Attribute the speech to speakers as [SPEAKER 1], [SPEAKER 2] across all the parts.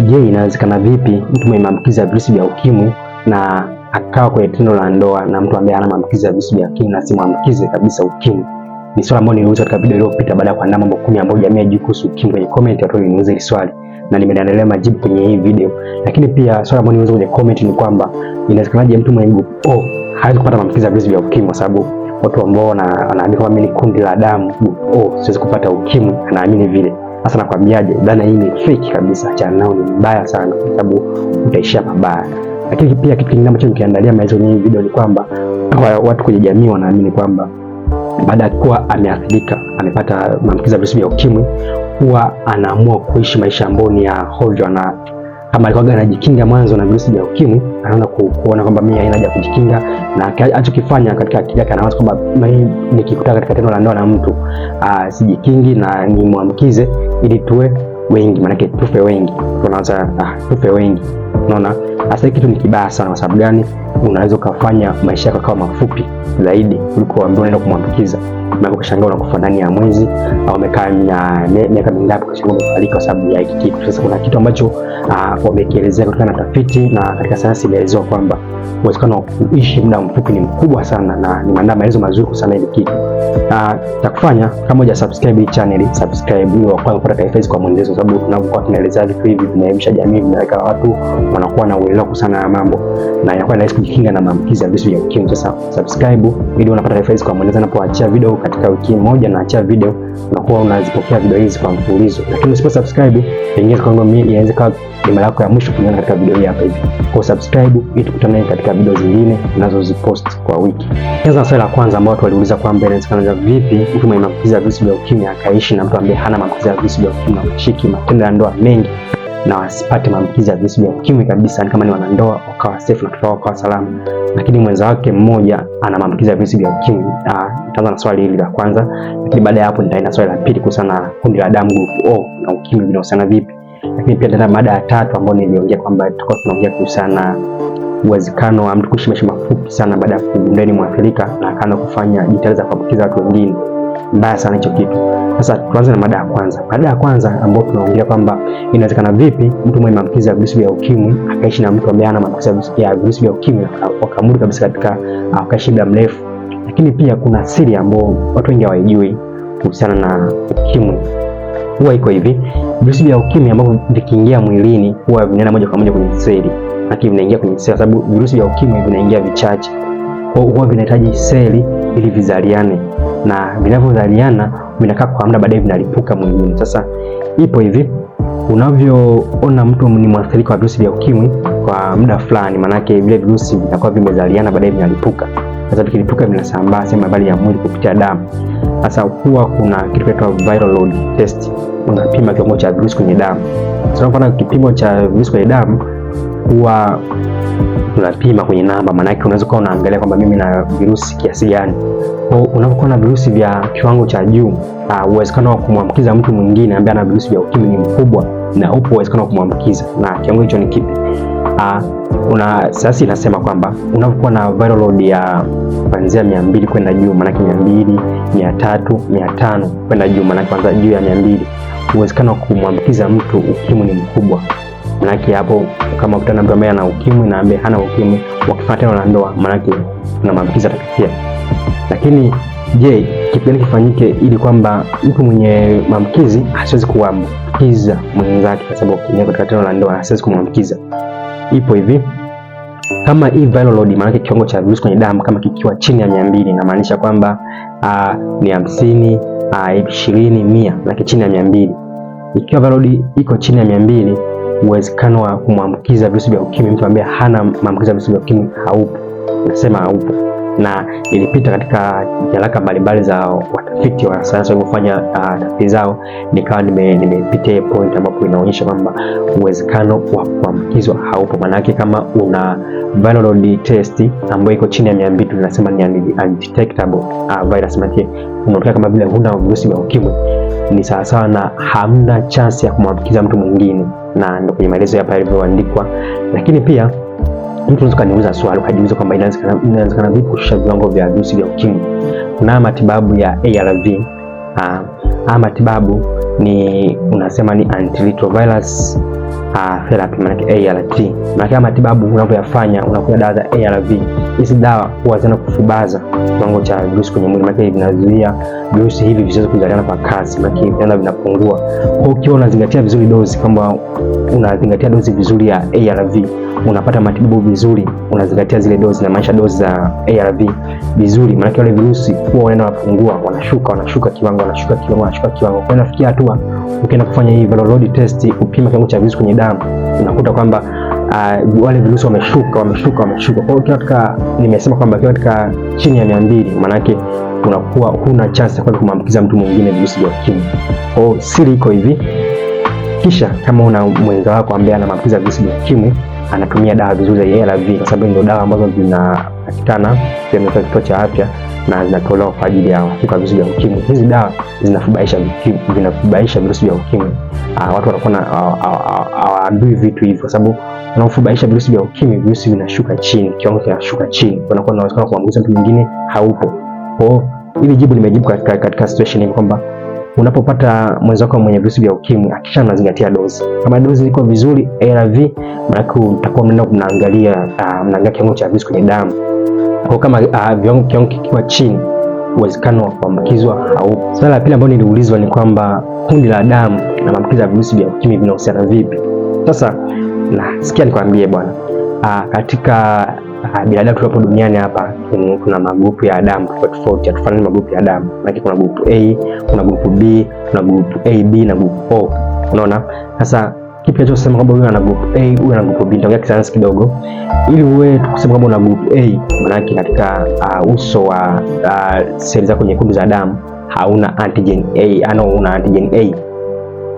[SPEAKER 1] Je, inawezekana vipi mtu mwenye maambukizi ya virusi vya ukimwi na akawa kwenye tendo la ndoa na mtu ambaye hana maambukizi ya virusi vya ukimwi na si mwambukizi kabisa ukimwi? Ni swali ambalo niliuliza katika video iliyopita baada ya kuandaa mambo kumi ambayo jamii haijui kuhusu ukimwi. Kwenye comment watu waliniuliza hili swali na nimeendelea majibu kwenye hii video. Lakini pia swali ambalo niliuliza kwenye comment ni kwamba inawezekanaje mtu mwenye group O hawezi kupata maambukizi ya virusi vya ukimwi kwa sababu watu ambao wanaamini kwamba mimi ni kundi la damu group O siwezi kupata ukimwi, anaamini vile. Sasa nakwambiaje, dhana hii ni feki kabisa, achana nao, ni mbaya sana, kwa sababu utaishia mabaya. Lakini pia kitu kingine ambacho nikiandalia maelezo kwenye video ni kwamba watu kwenye jamii wanaamini kwamba baada ya kuwa ameathirika amepata maambukizi ya virusi vya ukimwi, huwa anaamua kuishi maisha ambayo ni ya hovyo na kama alikuwa anajikinga mwanzo na virusi vya ukimwi, anaanza kuona kwamba mimi haina haja kujikinga, na anachokifanya katika akili yake anawaza kwamba mimi nikikutana katika tendo la ndoa na mtu uh, sijikingi na nimwamkize ili tuwe wengi, maanake tufe wengi, tunaanza ah, tufe wengi. Unaona hasa kitu ni kibaya sana. Kwa sababu gani? unaweza ukafanya maisha yako yakawa mafupi zaidi kuliko ambao unaenda kumwambukiza. Maana ukashangaa unakufa ndani ya mwezi au umekaa na miaka mingapi ukashangaa umefariki kwa sababu ya hiki kitu. Sasa kuna kitu ambacho ah, wamekielezea kutokana na tafiti na katika sayansi imeelezewa kwamba uwezekano wa kuishi muda mfupi ni mkubwa sana, na ni maana maelezo mazuri kusana hili kitu. Uh, ah, takufanya kama huja subscribe hii channel, subscribe ili uweze kupata taarifa hizi kwa mwendelezo, sababu tunapokuwa tunaelezea vitu hivi vinaelimisha jamii, vinaweka watu wanakuwa na uelewa kusana na mambo na inakuwa rahisi kujikinga na maambukizi ya virusi vya ukimwi. Sasa subscribe ili unapata taarifa kwa mweneza unapoachia video katika wiki moja, na achia video unakuwa unazipokea video hizi kwa mfululizo, lakini usipo subscribe pengine kwangu mimi inaweza kuwa ni mara yako ya mwisho kuiona katika video hii hapa hivi. Kwa subscribe ili tukutane katika video zingine tunazozipost kwa wiki. Kwanza swali la kwanza ambao watu waliuliza kwamba inawezekana vipi mtu mwenye maambukizi ya virusi vya ukimwi akaishi na mtu ambaye hana maambukizi ya virusi vya ukimwi na kushiki matendo ya ndoa mengi na wasipate maambukizi ya virusi vya ukimwi kabisa, yani kama ni wanandoa wakawa safe na watoto wao wakawa salama. Lakini mwenza wake mmoja ana maambukizi ya virusi vya ukimwi. Ah, nitaanza na swali hili la kwanza, lakini baada ya hapo nitaenda swali la pili kuhusiana na kundi la damu group O na ukimwi vinahusiana vipi, lakini pia nitaenda mada ya tatu ambayo niliongea kwamba tulikuwa tunaongea kuhusiana uwezekano wa mtu kuishi maisha mafupi sana baada ya kugundua ni mwathirika na akaanza kufanya jitihada za kuambukiza watu wengine. Mbaya sana hicho kitu. Sasa tuanze na mada ya kwanza. Mada ya kwanza ambayo tunaongelea kwamba inawezekana vipi mtu mwenye maambukizi ya virusi vya ukimwi akaishi na mtu ambaye ana maambukizi ya virusi vya ukimwi wakamudi kabisa katika ah, akaishi muda mrefu. Lakini pia kuna siri ambayo watu wengi hawajui kuhusiana na ukimwi. Huwa iko hivi, virusi vya ukimwi ambavyo vikiingia mwilini huwa vinaenda moja kwa moja kwenye seli, lakini vinaingia kwenye seli sababu virusi vya ukimwi vinaingia vichache, kwa hiyo huwa vinahitaji seli ili vizaliane, na vinavyozaliana vinakaa kwa muda, baadaye vinalipuka mwilini. Sasa ipo hivi, unavyoona mtu ni mwathirika wa virusi vya ukimwi kwa muda fulani, maanake vile virusi vinakuwa vimezaliana, baadaye vinalipuka. Sasa vikilipuka, vinasambaa sehemu mbali ya mwili kupitia damu. Sasa huwa kuna kitu kinaitwa viral load test, unapima kiwango cha virusi kwenye damu. Sasa kwa kipimo cha virusi kwenye damu huwa tunapima kwenye namba, maanake unaweza kuwa unaangalia kwamba mimi na virusi kiasi gani. Kwa unapokuwa na virusi vya kiwango cha juu, ah, uwezekano wa kumwambukiza mtu mwingine ambaye ana virusi vya ukimwi ni mkubwa, na upo uwezekano wa kumwambukiza. Na kiwango hicho ni kipi? Kuna ah, sasa inasema kwamba unapokuwa na viral load ya kuanzia 200 kwenda juu, maanake 200, 300, 500 kwenda juu, maanake kwanza juu ya 200, uwezekano wa kumwambukiza mtu ukimwi ni mkubwa. Manake hapo kama ukutana mtu ambaye ana ukimwi na ambaye hana ukimwi wakifuatana na ndoa, manake kuna maambukizi atatokea. Lakini je, kitu gani kifanyike ili kwamba mtu mwenye maambukizi asiwezi kuambukiza mwenzake, kwa sababu ukiingia katika tendo la ndoa asiwezi kumwambukiza? Ipo hivi kama hii viral load, maanake kiwango cha virusi kwenye damu kama kikiwa chini ya mia mbili inamaanisha kwamba ah, ni hamsini ah, ishirini mia, maanake chini ya mia mbili. Ikiwa viral load iko chini ya mia mbili uwezekano wa kumwambukiza virusi vya ukimwi, mtu ambaye hana maambukizi ya virusi vya ukimwi haupo, nasema haupo. Na nilipita katika nyaraka mbalimbali za watafiti wa sayansi waliofanya uh, tafiti zao, nikawa nimepitia nime point ambapo inaonyesha kwamba uwezekano wa kuambukizwa haupo. Maana yake kama una viral load test ambayo iko chini ya mia mbili tunasema ni undetectable uh, virus, maana yake unaonekana kama vile huna virusi vya ukimwi ni sawasawa na hamna chansi ya kumwambukiza mtu mwingine, na ndio kwenye maelezo hapa yalivyoandikwa. Lakini pia mtu unaweza kaniuliza swali ukajiuliza kwamba inawezekana vipi kushusha viwango vya virusi vya ukimwi? Kuna matibabu ya ARV ama ah, ah, matibabu ni unasema ni antiretrovirus uh, therapy maanake ART. Maanake matibabu unavyoyafanya unakuwa dawa za ARV hizi dawa huwa zina kufubaza kiwango cha virusi kwenye mwili, maana vinazuia virusi hivi visiweze kuzaliana kwa kasi, maana vinaenda vinapungua. Kwa hiyo ukiwa unazingatia vizuri dozi, kama unazingatia dozi vizuri ya ARV, unapata matibabu vizuri, unazingatia zile dozi na maisha dozi za ARV vizuri, maana wale virusi huwa wanaenda wanapungua, wanashuka, wanashuka kiwango, wanashuka kiwango, wanashuka kiwango. Kwa hiyo nafikia hatua ukienda kufanya hii viral load test, upima kiwango cha virusi kwenye damu, unakuta kwamba uh, wale virusi wameshuka wameshuka wameshuka. Kwa hiyo katika, nimesema kwamba ukiwa katika chini ya 200 mbili maanake tunakuwa huna chance ya kwenda kumwambukiza mtu mwingine virusi vya ukimwi. Kwa hiyo siri iko hivi, kisha kama una mwenza wako ambaye anamwambukiza virusi vya ukimwi anatumia dawa vizuri za ARV kwa sababu ndio dawa ambazo zinapatikana katika kituo cha afya na zinatolewa kwa ajili ya uhakika virusi vya ukimwi. Hizi dawa zinafubaisha zinafubaisha virusi vya ukimwi uh, watu wanakuwa ah, ah, hawaambiwi vitu hivyo, kwa sababu unaofubaisha virusi vya ukimwi, virusi vinashuka chini, kiwango kinashuka chini, kunakuwa na uwezekano kuambukiza mtu mwingine haupo. Kwa hiyo hili jibu limejibu katika, katika situation hii kwamba unapopata mwenzi wako mwenye virusi vya ukimwi hakikisha unazingatia dozi. Kama dozi iko vizuri ARV, maanake utakuwa mnaenda mnaangalia uh, mnaangalia kiwango cha virusi kwenye damu. Kwa kama uh, kiwango kikiwa chini uwezekano wa kuambukizwa haupo. Swala la pili ambalo niliulizwa ni kwamba kundi la damu na maambukizi ya virusi vya ukimwi vinahusiana vipi? Sasa nasikia nikwambie bwana, ah, katika ah, binadamu tuliopo duniani hapa kuna magrupu ya damu tofauti tofauti, hatufanani magrupu ya damu, lakini kuna grupu A, kuna grupu B, kuna grupu AB na grupu O. Unaona sasa kipi kusema kwamba wewe una group A, wewe una group B. Nitaongea kisayansi kidogo, ili wewe tukusema kwamba una group A, maana yake katika uh, uso wa uh, seli zako nyekundu za damu hauna antigen A, ana una antigen A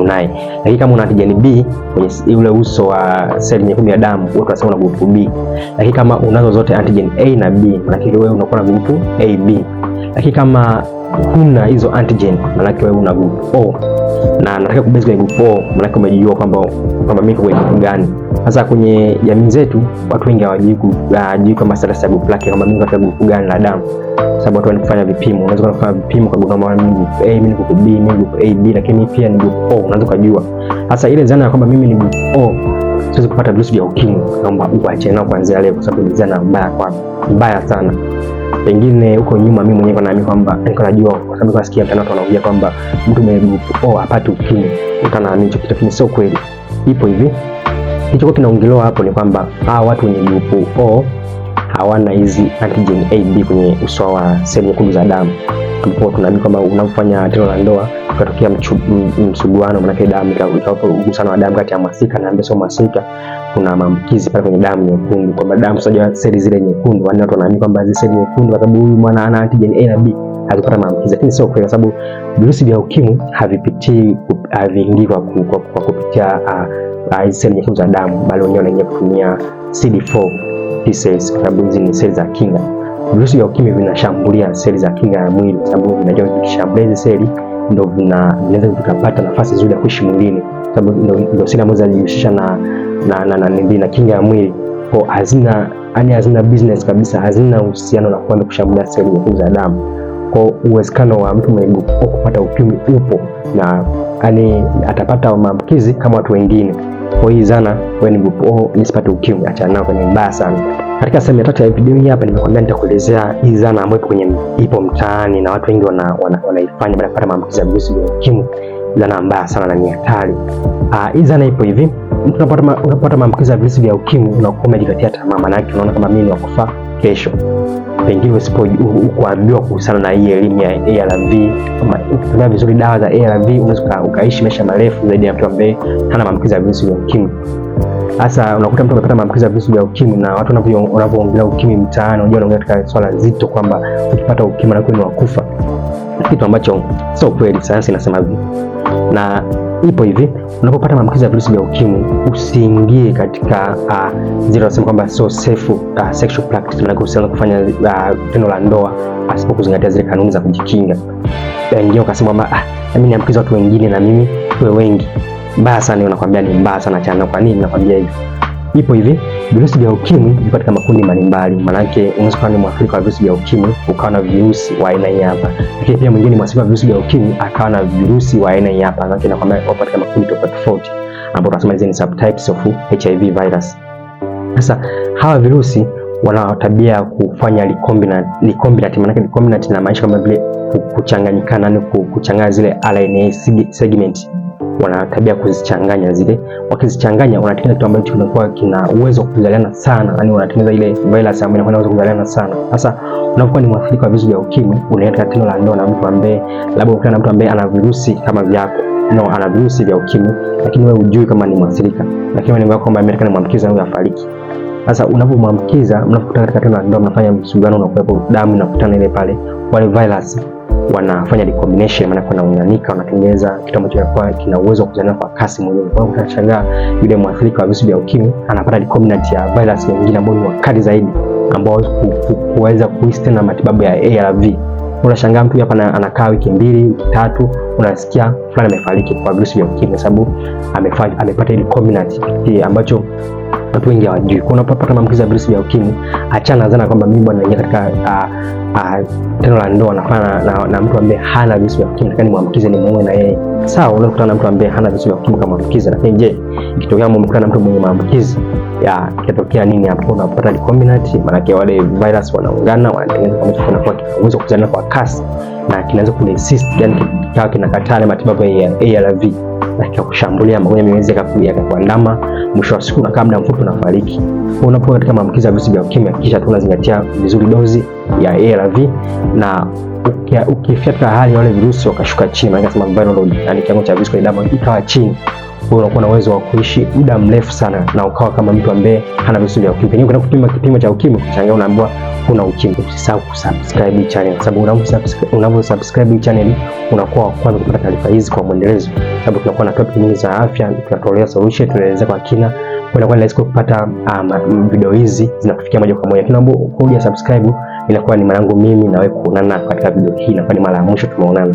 [SPEAKER 1] unaye. Lakini kama una antigen B kwenye ule uso wa seli nyekundu ya damu, wewe tunasema una group B. Lakini kama unazo zote antigen A na B, maana yake wewe unakuwa na group AB lakini kama huna hizo antigen, manake wewe una group O na nataka kubase kwenye group O, manake umejijua kwamba kwamba mimi kwenye group gani. Sasa kwenye jamii zetu watu wengi hawajui hawajui kwamba status ya group lake kwamba mimi katika group gani la damu, sababu watu wanafanya vipimo. Unaweza kufanya vipimo kwa kwamba mimi group A, mimi ni group B, mimi group AB, lakini pia ni group O, unaweza kujua. Sasa ile zana ya kwamba mimi ni group O siwezi kupata virusi vya ukimwi, naomba uache nao kuanzia leo, kwa sababu ni zana mbaya kwa mbaya sana pengine huko nyuma mimi mwenyewe naamini kwamba niko najua, kwa sababu nasikia tena watu wanaongea kwamba mtu oh, hapati ukimwi, utanaamini hicho kitu, lakini sio kweli, ipo hivi. Kilichokuwa kinaongelewa hapo ni kwamba hawa watu wenye grupu O hawana hizi antigen AB kwenye uso wa sehemu nyekundu za damu, ambapo tunaambiwa kwamba unapofanya tendo la ndoa ukatokea msuguano, maana maanake damu ugusano wa damu kati ya masika na ambaye masika, kuna maambukizi pale kwenye damu nyekundu, kwamba damu sasa seli zile nyekundu. Wale watu wanaamini kwamba hizi seli nyekundu, kwa sababu huyu mwana ana antigen A na B akipata maambukizi, lakini sio kweli, kwa sababu virusi vya ukimwi havipitii haviingii kwa, kwa, kwa kupitia uh, seli nyekundu za damu, bali wenyewe wanaingia kutumia CD4 T cells, kwa sababu hizi ni seli za kinga. Virusi vya ukimwi vinashambulia seli za kinga ya mwili, kwa sababu vinajua vikishambulia hizi seli ndio vinaweza vikapata nafasi nzuri ya kuishi mwilini, kwa sababu ndio seli ambazo zinajihusisha na na na, na, na kinga ya mwili kwa hazina yani, hazina business kabisa, hazina uhusiano na kwenda kushambulia seli nyekundu za damu. Kwa uwezekano wa mtu mwenye kupata ukimwi upo na yani, atapata maambukizi kama watu wengine. Kwa hii zana wewe ni oh, nisipate ukimwi, achana nao, ni mbaya sana. Katika sehemu ya tatu ya video hii hapa nimekuambia nitakuelezea hii zana ambayo ipo kwenye ipo mtaani na watu wengi wanaifanya wana, wana baada ya kupata maambukizi ya virusi vya ukimwi, zana mbaya sana na ni hatari. Ah, hii zana ipo hivi, mtu unapata maambukizi ya virusi vya ukimwi unakuwa umejipatia tamaa, maana yake unaona kama mimi ni wakufa kesho pengine usipokuambiwa kuhusiana na hii elimu ya ARV, ukitumia vizuri dawa za ARV unaweza ukaishi maisha marefu zaidi ya mtu ambaye hana maambukizi ya virusi vya ukimwi. Sasa unakuta mtu amepata maambukizi ya virusi vya ukimwi na watu wanavyoongelea ukimwi mtaani, unajua wanaongea katika swala zito kwamba ukipata ukimwi na kwenu wakufa, kitu ambacho sio kweli. Sayansi inasema hivi na ipo hivi, unapopata maambukizi ya virusi vya ukimwi usiingie katika uh, zile wanasema kwamba so safe uh, sexual practice, na usianze kufanya uh, tendo la ndoa pasipo kuzingatia zile kanuni za kujikinga. Ndio ukasema kwamba ah, mimi niambukiza watu wengine na mimi tuwe wengi, mbaya sana. Nakwambia ni mbaya sana chana. Kwa nini nakwambia hivyo? ipo hivi, virusi vya ukimwi viko katika makundi mbalimbali. Maanake unaweza kuwa ni mwathirika wa virusi vya ukimwi ukawa na virusi wa aina hii hapa, lakini pia mwingine mwathirika wa virusi vya ukimwi akawa na virusi wa aina hii hapa. Maanake nakwambia wapo katika makundi tofauti tofauti, ambapo tunasema hizi ni subtypes of HIV virus. Sasa hawa virusi wana tabia ya kufanya recombinant recombinant, maana recombinant inamaanisha kama vile kuchanganyikana, ni yaani kuchanganya zile RNA segment wana tabia kuzichanganya zile. Wakizichanganya wanatengeneza kitu ambacho kinakuwa kina uwezo wa kuzaliana sana, yani wanatengeneza ile virus ambayo inakuwa inaweza kuzaliana sana. Sasa unapokuwa ni mwathirika wa virusi vya ukimwi, unaenda katika tendo la ndoa na mtu ambaye labda ukutana na mtu ambaye ana virusi kama vyako no, ana virusi vya ukimwi, lakini wewe hujui kama ni mwathirika, lakini wewe ni kwamba Amerika ni mwambukiza au afariki. Sasa unapomwambukiza, mnapokutana katika tendo la ndoa, mnafanya msugano, unakuwepo damu inakutana ile pale, wale virus wanafanya recombination, maana kuna wanatengeneza kitu ambacho kwa kina uwezo wa kuzaliana kwa kasi mwilini. Kwa hiyo tunashangaa yule mwathirika wa virusi vya ukimwi anapata recombinant ya virus nyingine ambayo ni wakali zaidi, ambao kuweza kuhisi tena matibabu ya ARV. Unashangaa mtu hapa anakaa wiki mbili, wiki tatu, unasikia fulani amefariki kwa virusi vya ukimwi, sababu amepata recombinant ambacho watu wengi hawajui. Kuna papa kama mkiza virusi vya ukimwi, achana zana kwamba mimi bwana naingia katika uh, uh, tendo la ndoa nafana na, na na mtu ambaye hana virusi vya ukimwi, lakini mwamkize ni muone na yeye. Sawa, unaweza kukutana na mtu ambaye hana virusi vya ukimwi kama mwamkize, lakini je, ikitokea mmekutana na mtu mwenye maambukizi ya kitokea nini hapo? Unapata recombinant, maana yake wale virus wanaungana, wanatengeneza kama kuna kwa uwezo kuzaliana kwa kasi na kinaanza kuresist, yani kikawa kinakataa matibabu ya ARV na kikakushambulia magonjwa mengine yakakuandama, mwisho wa siku unakaa muda mfupi unafariki. Unapokuwa katika maambukizi ya virusi vya ukimwi, hakikisha tu unazingatia vizuri dozi ya ARV na ukifika hali wale virusi wakashuka chini, maana kama viral load, yani kiwango cha virusi kwenye damu ikawa chini wewe unakuwa na uwezo wa kuishi muda mrefu sana na ukawa kama mtu ambaye hana virusi vya ukimwi. Unaenda kupima kipimo cha ukimwi kuchangia, unaambiwa huna ukimwi. Usisahau kusubscribe channel, kwa sababu subscribe channel unakuwa wa kwanza kupata taarifa hizi kwa mwendelezo, sababu tunakuwa na topic nyingi za afya, tunatolea solution, tunaeleza kwa kina unakuwa rahisi kupata um, video hizi zinakufikia moja kwa moja. Tunaomba subscribe, inakuwa ni mara yangu mimi na wewe kuonana katika video hii, inakuwa ni mara ya mwisho tumeonana.